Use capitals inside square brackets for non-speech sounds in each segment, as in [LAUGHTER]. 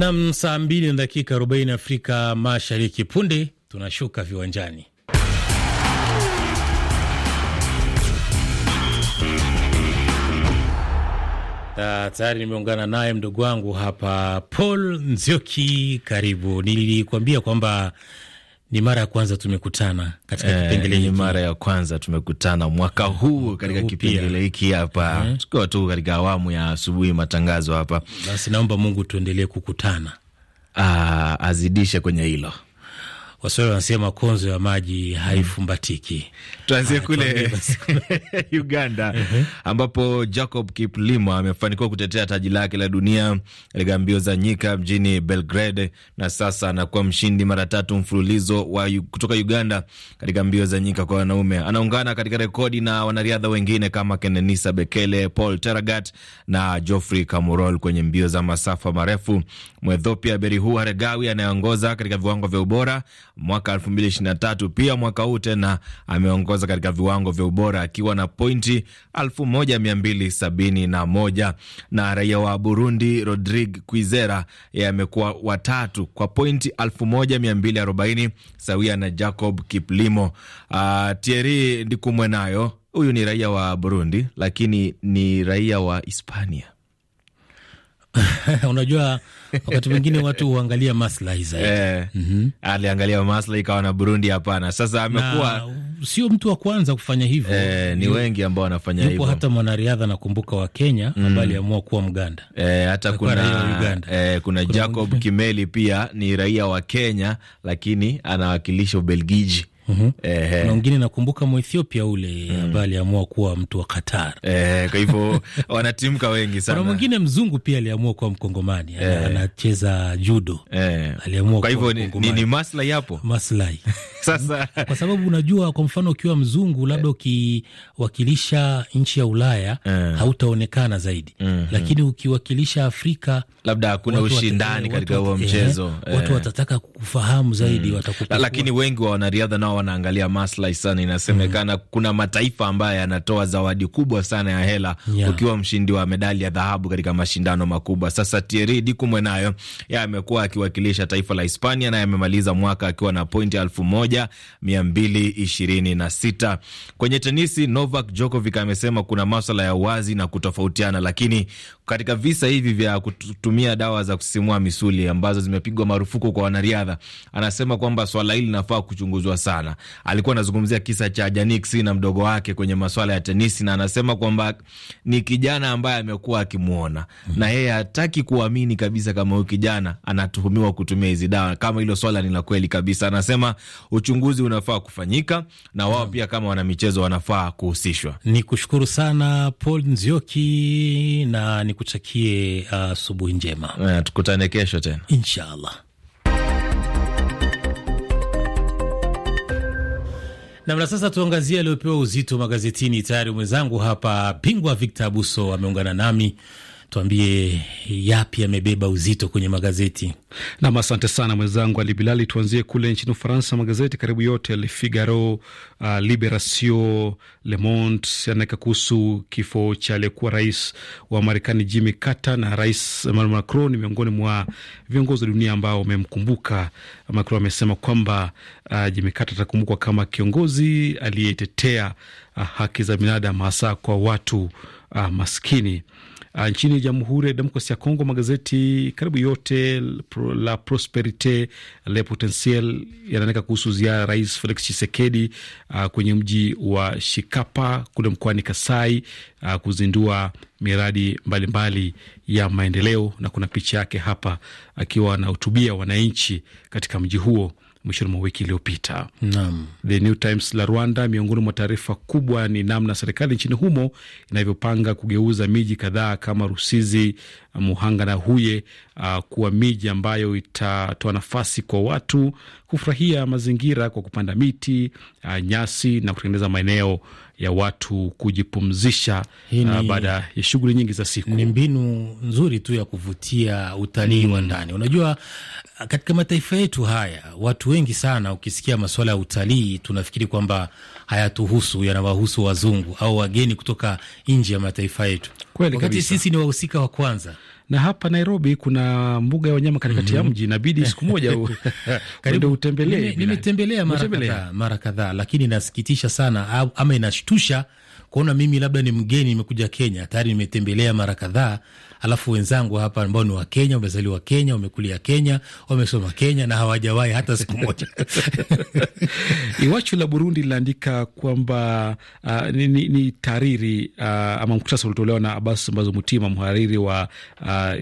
Nam, saa mbili na dakika arobaini Afrika Mashariki. Punde tunashuka viwanjani tayari nimeungana naye mdogo wangu hapa Paul Nzioki. Karibu, nilikuambia kwamba ni mara ya kwanza tumekutana katika e, kipengele hiki. Ni mara ya kwanza tumekutana mwaka huu katika kipengele hiki hapa e, tukiwa tu katika awamu ya asubuhi matangazo hapa. Basi naomba Mungu tuendelee kukutana, aa, ah, azidishe kwenye hilo. Waswahili wanasema konzo ya maji haifumbatiki. Tuanzie ah, kule [LAUGHS] Uganda ambapo Jacob Kiplimo amefanikiwa kutetea taji lake la dunia katika mbio za nyika mjini Belgrade, na sasa anakuwa mshindi mara tatu mfululizo wa kutoka Uganda katika mbio za nyika kwa wanaume. Anaungana katika rekodi na wanariadha wengine kama Kenenisa Bekele, Paul Teragat na Geoffrey Kamworor kwenye mbio za masafa marefu. Mwethiopia Berihu Haregawi anayeongoza katika viwango vya ubora mwaka 2023. Pia mwaka huu tena ameongoza katika viwango vya ubora akiwa na pointi 1271 na, na raia wa Burundi Rodrigue Quizera yeye amekuwa watatu kwa pointi 1240 sawia na Jacob Kiplimo. Uh, Thierry Ndikumwe nayo huyu ni raia wa Burundi lakini ni raia wa Hispania. [LAUGHS] Unajua, wakati mwingine [LAUGHS] watu huangalia maslahi zaidi yeah. mm -hmm. Aliangalia maslahi ikawa na Burundi, hapana. Sasa amekuwa sio mtu wa kwanza kufanya hivyo eh, ni wengi ambao wanafanya hivyo. hata mwanariadha nakumbuka wa Kenya mm, ambaye aliamua kuwa Mganda eh, hata kuna, eh, kuna Jacob Kimeli pia ni raia wa Kenya lakini anawakilisha Ubelgiji mm -hmm. na wengine nakumbuka Mwethiopia ule mm. hmm ambaye aliamua kuwa mtu wa Qatar e, kwa hivyo [LAUGHS] wanatimka wengi sana. Kuna mwingine mzungu pia aliamua kuwa mkongomani e. anacheza judo e. aliamua. Kwa hivyo ni, ni ni maslahi hapo, maslahi [LAUGHS] sasa mm. kwa sababu unajua, kwa mfano ukiwa mzungu labda eh. ukiwakilisha nchi ya Ulaya e. hautaonekana zaidi mm -hmm. lakini ukiwakilisha Afrika labda hakuna ushindani katika huo mchezo e. watu watataka kufahamu zaidi mm. watakupekua. Lakini wengi wa wanariadha nao wanaangalia maslahi sana. Inasemekana mm. kuna mataifa ambayo yanatoa zawadi kubwa sana ya hela yeah. ukiwa mshindi wa medali ya dhahabu katika mashindano makubwa. Sasa Thierry Dikumwe nayo yeye amekuwa akiwakilisha taifa la Hispania naye amemaliza mwaka akiwa na pointi elfu moja mia mbili ishirini na sita. Kwenye tenisi, Novak Djokovic amesema kuna maswala ya wazi na kutofautiana, lakini katika visa hivi vya kutumia dawa za kusisimua misuli ambazo zimepigwa marufuku kwa wanariadha, anasema kwamba swala hili linafaa kuchunguzwa sana sana. Alikuwa anazungumzia kisa cha Jannik Sinner na mdogo wake kwenye masuala ya tenisi, na anasema kwamba ni kijana ambaye amekuwa akimwona mm -hmm. na yeye hataki kuamini kabisa kama huyu kijana anatuhumiwa kutumia hizi dawa, kama hilo swala ni la kweli kabisa. Anasema uchunguzi unafaa kufanyika na wao mm -hmm. pia kama wanamichezo wanafaa kuhusishwa. Ni kushukuru sana Paul Nzioki na nikutakie uh, asubuhi uh, njema. Eh, tukutane kesho tena inshallah. Namna sasa, tuangazie aliyopewa uzito magazetini. Tayari mwenzangu hapa bingwa Victor Abuso ameungana nami tuambie yapi yamebeba uzito kwenye magazeti. Nam, asante sana mwenzangu Ali Bilali. Tuanzie kule nchini Ufaransa, magazeti karibu yote Le Figaro, uh, Liberation, Le Monde kuhusu kifo cha aliyekuwa rais wa Marekani Jimmy Carter, na Rais Emmanuel Macron ni miongoni mwa viongozi wa dunia ambao wamemkumbuka. Macron amesema kwamba uh, Jimmy Carter atakumbukwa kama kiongozi aliyetetea uh, haki za binadamu hasa kwa watu uh, maskini. Uh, nchini Jamhuri ya Demokrasi ya Kongo magazeti karibu yote la Prosperite Le Potentiel yanaandika kuhusu ziara ya Rais Felix chisekedi uh, ah, kwenye mji wa Shikapa kule mkoani Kasai uh, kuzindua miradi mbalimbali mbali ya maendeleo, na kuna picha yake hapa akiwa anahutubia wananchi katika mji huo mwishoni mwa wiki iliyopita. The New Times la Rwanda, miongoni mwa taarifa kubwa ni namna serikali nchini humo inavyopanga kugeuza miji kadhaa kama Rusizi, Muhanga na Huye uh, kuwa miji ambayo itatoa nafasi kwa watu kufurahia mazingira kwa kupanda miti, uh, nyasi na kutengeneza maeneo ya watu kujipumzisha uh, baada ya shughuli nyingi za siku. Ni mbinu nzuri tu ya kuvutia utalii mm, wa ndani. Unajua, katika mataifa yetu haya watu wengi sana, ukisikia masuala ya utalii tunafikiri kwamba hayatuhusu, yanawahusu wazungu au wageni kutoka nje ya mataifa yetu, wakati sisi ni wahusika wa kwanza na hapa Nairobi kuna mbuga ya wanyama katikati ya mhm. mji, inabidi siku moja [LAUGHS] karibu utembelee. Nimetembelea mara kadhaa, lakini inasikitisha sana ama inashtusha kuona mimi labda ni mgeni, nimekuja Kenya, tayari nimetembelea mara kadhaa, alafu wenzangu hapa ambao ni Wakenya, wamezaliwa Kenya, wamekulia Kenya, wamesoma Kenya na hawajawahi hata siku moja. [LAUGHS] Iwachu la Burundi linaandika kwamba uh, ni, ni, ni tariri uh, ama mkutasa ulitolewa na Abbas ambazo Mutima, mhariri wa uh,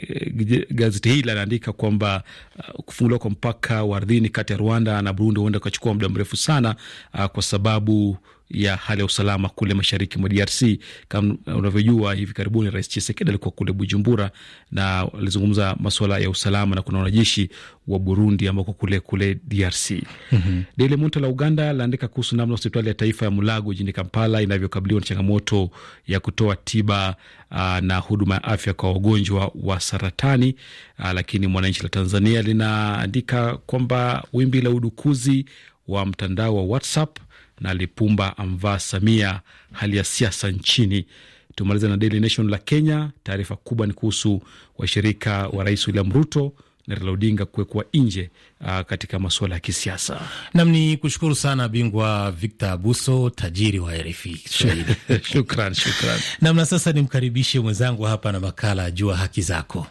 gazeti hili, anaandika kwamba uh, kufunguliwa kwa mpaka wa ardhini kati ya Rwanda na Burundi huenda ukachukua muda mrefu sana uh, kwa sababu ya hali ya usalama kule mashariki mwa DRC. Kama unavyojua, hivi karibuni Rais Chisekedi alikuwa kule Bujumbura na alizungumza masuala ya usalama na kuna wanajeshi wa Burundi ambao kule kule DRC. mm -hmm. Daily Monitor la Uganda laandika kuhusu namna hospitali ya taifa ya Mulago jijini Kampala inavyokabiliwa na changamoto ya kutoa tiba aa, ah, na huduma ya afya kwa wagonjwa wa saratani aa, ah, lakini Mwananchi la Tanzania linaandika kwamba wimbi la udukuzi wa mtandao wa WhatsApp na Lipumba amvaa Samia hali ya siasa nchini. Tumaliza na Daily Nation la Kenya. Taarifa kubwa ni kuhusu washirika wa Rais William Ruto na Raila Odinga kuwekwa nje ah, katika masuala ya kisiasa. Nam ni kushukuru sana bingwa Victor Abuso, tajiri wa RFI Kiswahili. [LAUGHS] Shukran, shukran. Nam na sasa nimkaribishe mwenzangu hapa na makala ya Jua Haki Zako.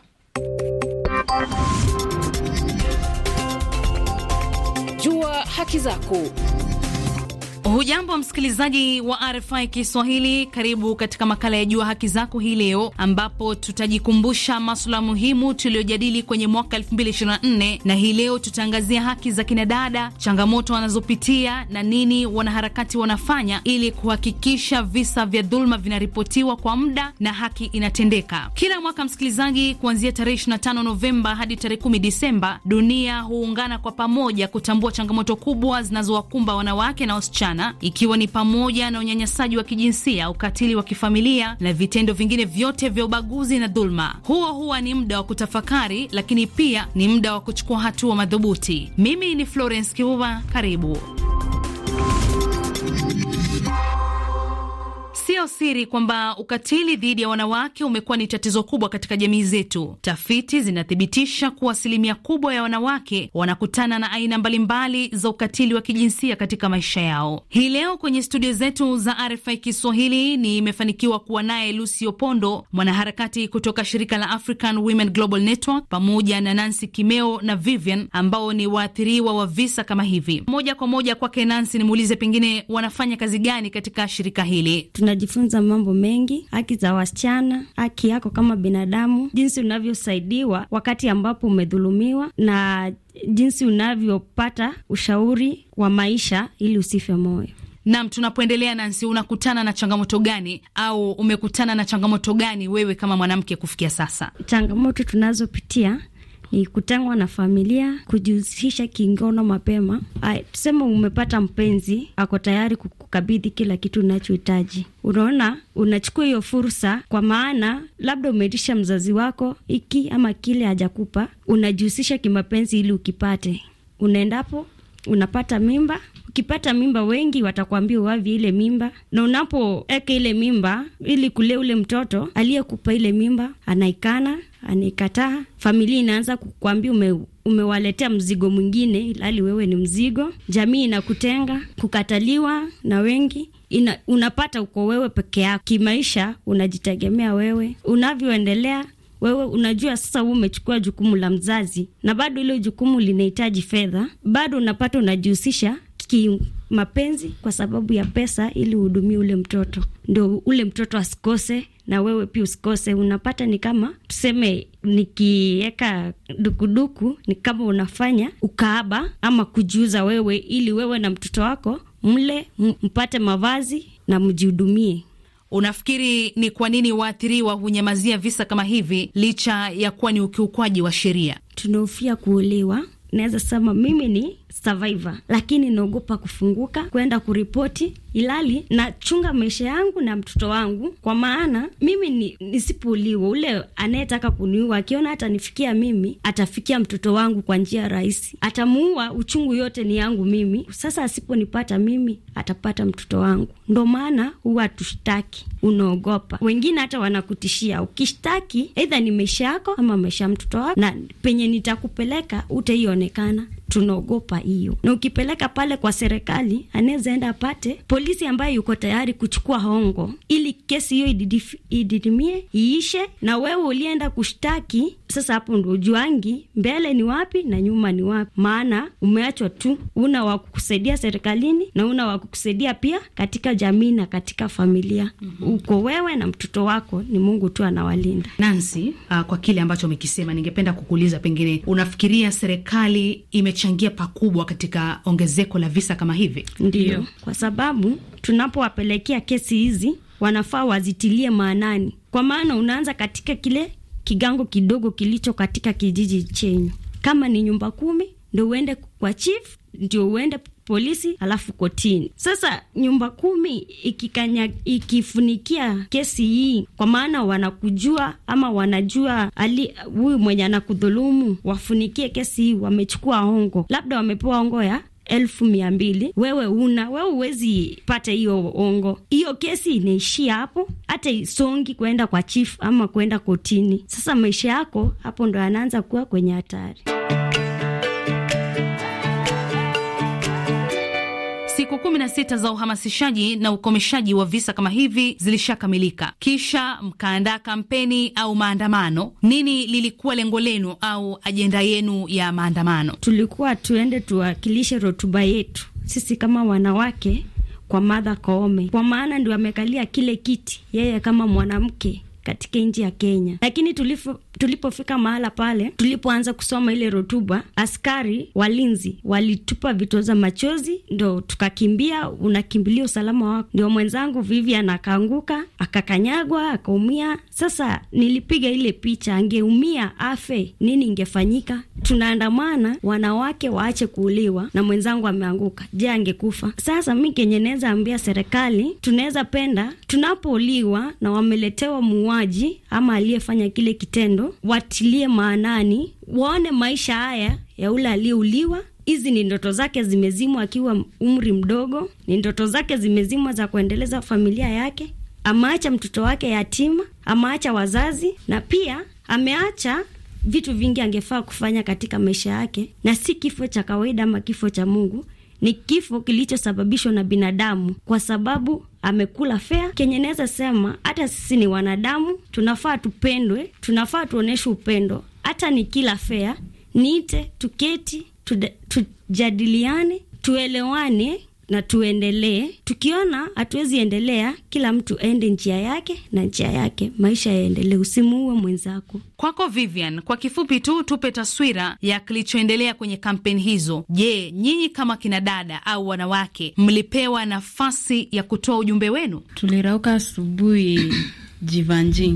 Jua Haki Zako Hujambo msikilizaji wa RFI Kiswahili, karibu katika makala ya Jua Haki Zako hii leo, ambapo tutajikumbusha maswala muhimu tuliyojadili kwenye mwaka 2024 na hii leo tutaangazia haki za kinadada, changamoto wanazopitia na nini wanaharakati wanafanya ili kuhakikisha visa vya dhuluma vinaripotiwa kwa muda na haki inatendeka. Kila mwaka msikilizaji, kuanzia tarehe 25 Novemba hadi tarehe 10 Disemba, dunia huungana kwa pamoja kutambua changamoto kubwa zinazowakumba wanawake na wasichana sana, ikiwa ni pamoja na unyanyasaji wa kijinsia, ukatili wa kifamilia na vitendo vingine vyote vya ubaguzi na dhuluma. Huo huwa ni muda wa kutafakari, lakini pia ni muda wa kuchukua hatua madhubuti. Mimi ni Florence Kiuva, karibu. Sio siri kwamba ukatili dhidi ya wanawake umekuwa ni tatizo kubwa katika jamii zetu. Tafiti zinathibitisha kuwa asilimia kubwa ya wanawake wanakutana na aina mbalimbali za ukatili wa kijinsia katika maisha yao. Hii leo kwenye studio zetu za RFI Kiswahili nimefanikiwa kuwa naye Lucy Opondo, mwanaharakati kutoka shirika la African Women Global Network, pamoja na Nancy Kimeo na Vivian ambao ni waathiriwa wa visa kama hivi. Moja kwa moja kwake Nancy, nimuulize pengine wanafanya kazi gani katika shirika hili? Tuna utajifunza mambo mengi, haki za wasichana, haki yako kama binadamu, jinsi unavyosaidiwa wakati ambapo umedhulumiwa na jinsi unavyopata ushauri wa maisha ili usife moyo. Nam, tunapoendelea Nansi, unakutana na changamoto gani au umekutana na changamoto gani wewe kama mwanamke kufikia sasa? Changamoto tunazopitia ni kutengwa na familia, kujihusisha kingono mapema. Ay, tuseme umepata mpenzi ako tayari kukukabidhi kila kitu unachohitaji. Unaona, unachukua hiyo fursa, kwa maana labda umeitisha mzazi wako hiki ama kile hajakupa, unajihusisha kimapenzi ili ukipate. Unaendapo unapata mimba. Ukipata mimba, wengi watakwambia uwavi ile mimba, na unapoweka ile mimba ili kulea ule mtoto, aliyekupa ile mimba anaikana, anikataa. Familia inaanza kukwambia ume, umewaletea mzigo mwingine, ilali wewe ni mzigo. Jamii inakutenga, kukataliwa na wengi ina, unapata uko wewe peke yako. Kimaisha unajitegemea wewe, unavyoendelea wewe unajua sasa, huu umechukua jukumu la mzazi na bado hilo jukumu linahitaji fedha, bado unapata unajihusisha kimapenzi kwa sababu ya pesa, ili uhudumie ule mtoto, ndio ule mtoto asikose na wewe pia usikose. Unapata ni kama tuseme, nikiweka dukuduku ni kama unafanya ukaaba ama kujiuza wewe, ili wewe na mtoto wako mle mpate mavazi na mjihudumie. Unafikiri ni kwa nini waathiriwa hunyamazia visa kama hivi licha ya kuwa ni ukiukwaji wa sheria? Tunahofia kuolewa. Naweza sema mimi ni survivor, lakini naogopa kufunguka kwenda kuripoti, ilali nachunga maisha yangu na mtoto wangu, kwa maana mimi ni, nisipuuliwa ule anayetaka kuniua akiona hata nifikia mimi atafikia mtoto wangu kwa njia rahisi, atamuua. Uchungu yote ni yangu mimi. Sasa asiponipata mimi atapata mtoto wangu. Ndo maana huwa tushtaki, unaogopa. Wengine hata wanakutishia ukishtaki, aidha ni maisha yako ama maisha ya mtoto wako, na penye nitakupeleka utaionekana tunaogopa hiyo, na ukipeleka pale kwa serikali, anaweza enda apate polisi ambayo yuko tayari kuchukua hongo ili kesi hiyo ididimie, iishe, na wewe ulienda kushtaki. Sasa hapo ndo ujuangi mbele ni wapi na nyuma ni wapi, maana umeachwa tu, una wa kukusaidia serikalini na una wa kukusaidia pia katika jamii na katika familia. mm -hmm. Uko wewe na mtoto wako, ni Mungu tu anawalinda. Nancy, uh, kwa kile ambacho umekisema, ningependa kukuuliza, pengine unafikiria serikali ime imechangia pakubwa katika ongezeko la visa kama hivi? ndio kwa sababu tunapowapelekea kesi hizi wanafaa wazitilie maanani, kwa maana unaanza katika kile kigango kidogo kilicho katika kijiji chenyu. Kama ni nyumba kumi, ndo uende kwa chief, ndio uende polisi, alafu kotini. Sasa nyumba kumi ikikanya, ikifunikia kesi hii, kwa maana wanakujua ama wanajua ali huyu mwenye anakudhulumu, wafunikie kesi hii, wamechukua ongo labda wamepewa ongo ya elfu mia mbili. Wewe una wewe huwezi pata hiyo ongo, hiyo kesi inaishia hapo, hata isongi kwenda kwa chief ama kwenda kotini. Sasa maisha yako hapo ndo yanaanza kuwa kwenye hatari. Siku sita za uhamasishaji na ukomeshaji wa visa kama hivi zilishakamilika. Kisha mkaandaa kampeni au maandamano. Nini lilikuwa lengo lenu au ajenda yenu ya maandamano? Tulikuwa tuende tuwakilishe rotuba yetu sisi kama wanawake kwa Martha Koome, kwa maana ndio amekalia kile kiti yeye kama mwanamke katika nchi ya Kenya, lakini tulifu Tulipofika mahala pale, tulipoanza kusoma ile rotuba, askari walinzi walitupa vitoza machozi, ndo tukakimbia. Unakimbilia usalama wako. Ndio mwenzangu Vivian akaanguka, akakanyagwa, akaumia. Sasa nilipiga ile picha, angeumia afe, nini ingefanyika? Tunaandamana, wanawake waache kuuliwa, na mwenzangu ameanguka. Je, angekufa? Sasa mi kenye naweza ambia serikali, tunaweza penda tunapouliwa na wameletewa muuaji ama aliyefanya kile kitendo watilie maanani, waone maisha haya ya ule aliyeuliwa hizi ni ndoto zake zimezimwa akiwa umri mdogo, ni ndoto zake zimezimwa za kuendeleza familia yake. Ameacha mtoto wake yatima, ameacha wazazi, na pia ameacha vitu vingi angefaa kufanya katika maisha yake, na si kifo cha kawaida ama kifo cha Mungu, ni kifo kilichosababishwa na binadamu kwa sababu amekula fea. Kenye naweza sema hata sisi ni wanadamu, tunafaa tupendwe, tunafaa tuonyeshe upendo. Hata ni kila fea niite, tuketi, tujadiliane, tuelewane na tuendelee. Tukiona hatuwezi endelea, kila mtu ende njia yake na njia yake, maisha yaendelee, usimuue mwenzako. Kwako Vivian, kwa kifupi tu tupe taswira ya kilichoendelea kwenye kampeni hizo. Je, nyinyi kama kina dada au wanawake mlipewa nafasi ya kutoa ujumbe wenu? Tulirauka asubuhi Jivanji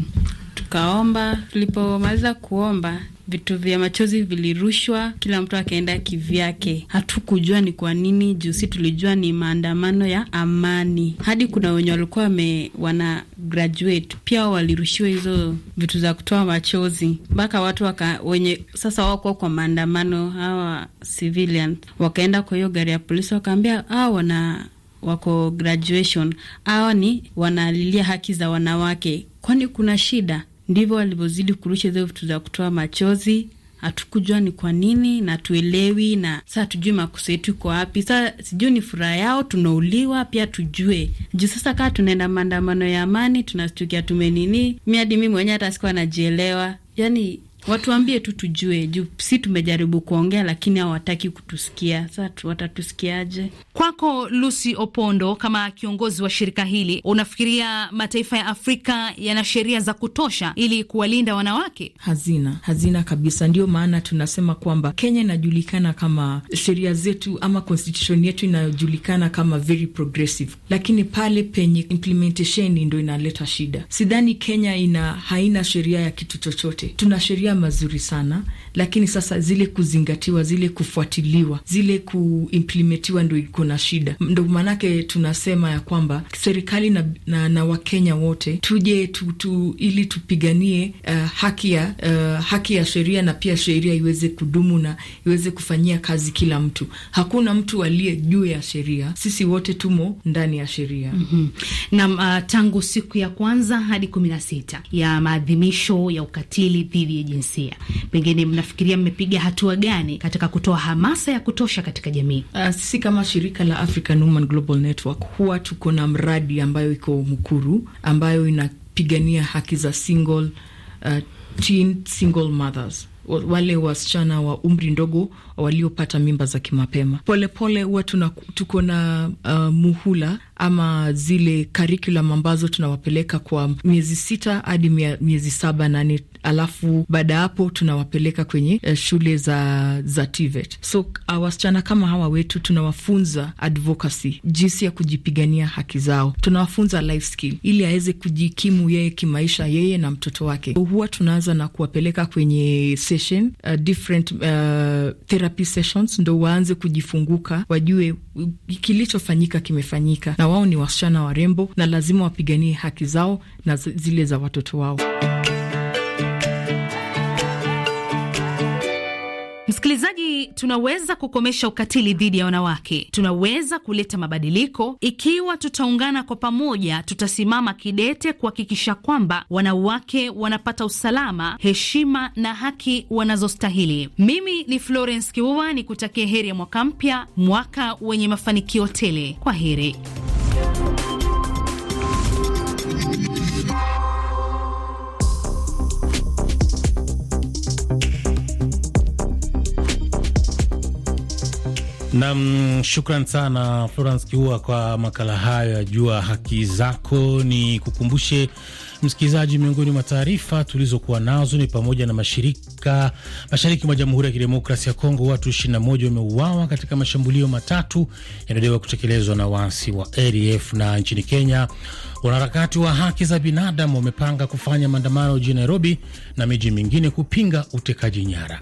tukaomba. Tulipomaliza kuomba vitu vya machozi vilirushwa, kila mtu akaenda kivyake. Hatukujua ni kwa nini, juu si tulijua ni maandamano ya amani. Hadi kuna wenye walikuwa wame wana graduate pia walirushiwa hizo vitu za kutoa machozi, mpaka watu waka, wenye sasa wako kwa maandamano hawa civilian wakaenda kwa hiyo gari ya polisi, wakaambia hawa wana wako graduation, hawa ni wanalilia haki za wanawake, kwani kuna shida ndivyo walivyozidi kurusha hizo vitu za kutoa machozi. Hatukujua ni kwa nini na tuelewi, na saa tujui makosa yetu iko wapi. Saa sijui ni furaha yao, tunauliwa pia tujue juu. Sasa kaa tunaenda maandamano ya amani, tunastukia tumenini, mi hadi mi mwenyewe hata sikuwa najielewa yani Watuambie tu tujue, juu si tumejaribu kuongea lakini hawataki kutusikia. sa watatusikiaje? Kwako Lucy Opondo, kama kiongozi wa shirika hili, unafikiria mataifa ya Afrika yana sheria za kutosha ili kuwalinda wanawake? Hazina, hazina kabisa. Ndio maana tunasema kwamba Kenya inajulikana kama sheria zetu ama constitution yetu inayojulikana kama very progressive, lakini pale penye implementation ndo inaleta shida. Sidhani Kenya ina haina sheria ya kitu chochote. Tuna sheria pia mazuri sana, lakini sasa zile kuzingatiwa, zile kufuatiliwa, zile kuimplementiwa ndo iko na shida. Ndo maanake tunasema ya kwamba serikali na, na, na Wakenya wote tuje tu, tu, ili tupiganie uh, haki ya uh, haki ya sheria na pia sheria iweze kudumu na iweze kufanyia kazi kila mtu. Hakuna mtu aliye juu ya sheria, sisi wote tumo ndani ya sheria mm -hmm. uh, tangu siku ya kwanza hadi kumi na sita ya maadhimisho ya ukatili dhidi ya jinsia. Pengine mnafikiria mmepiga hatua gani katika kutoa hamasa ya kutosha katika jamii? Uh, sisi kama shirika la African Women Global Network huwa tuko na mradi ambayo iko Mukuru ambayo inapigania haki za single uh, teen single mothers wale wasichana wa umri ndogo waliopata mimba za kimapema. Polepole huwa tuko na uh, muhula ama zile curriculum ambazo tunawapeleka kwa miezi sita hadi miezi saba nane, alafu baada ya hapo tunawapeleka kwenye uh, shule za, za TVET. So ah, wasichana kama hawa wetu tunawafunza advocacy, jinsi ya kujipigania haki zao, tunawafunza life skill ili aweze kujikimu yeye kimaisha, yeye na mtoto wake. Huwa tunaanza na kuwapeleka kwenye session, uh, different, uh, therapy sessions ndo waanze kujifunguka, wajue mm, kilichofanyika kimefanyika na wao ni wasichana warembo na lazima wapiganie haki zao na zile za watoto wao. Msikilizaji, tunaweza kukomesha ukatili dhidi ya wanawake. Tunaweza kuleta mabadiliko ikiwa tutaungana kwa pamoja. Tutasimama kidete kuhakikisha kwamba wanawake wanapata usalama, heshima na haki wanazostahili. Mimi ni Florence kiua ni kutakia heri ya mwaka mpya, mwaka wenye mafanikio tele. Kwa heri. Nam, shukran sana Florence Kiua kwa makala hayo ya Jua Haki Zako. Ni kukumbushe msikilizaji, miongoni mwa taarifa tulizokuwa nazo ni pamoja na mashirika mashariki mwa Jamhuri ya Kidemokrasi ya Kongo, watu 21 wameuawa katika mashambulio matatu yanayodaiwa kutekelezwa na waasi wa ADF. Na nchini Kenya, wanaharakati wa haki za binadamu wamepanga kufanya maandamano jijini Nairobi na miji mingine kupinga utekaji nyara.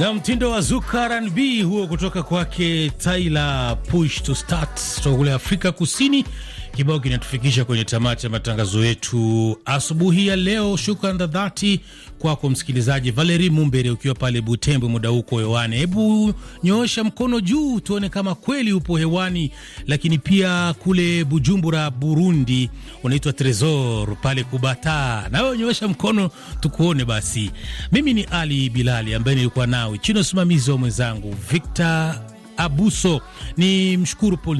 na mtindo wa zuka R&B huo kutoka kwake Tyler Push to Start kutoka kule Afrika Kusini kibao kinatufikisha kwenye tamati ya matangazo yetu asubuhi ya leo. Shukran za dhati kwako msikilizaji Valeri Mumbere, ukiwa pale Butembo muda huko hewani. Hebu nyoosha mkono juu tuone kama kweli upo hewani. Lakini pia kule Bujumbura, Burundi, unaitwa Tresor pale Kubata, nawe nyoosha mkono tukuone. Basi mimi ni Ali Bilali ambaye nilikuwa nawe chini ya usimamizi wa mwenzangu Victor Abuso. Ni mshukuru Paul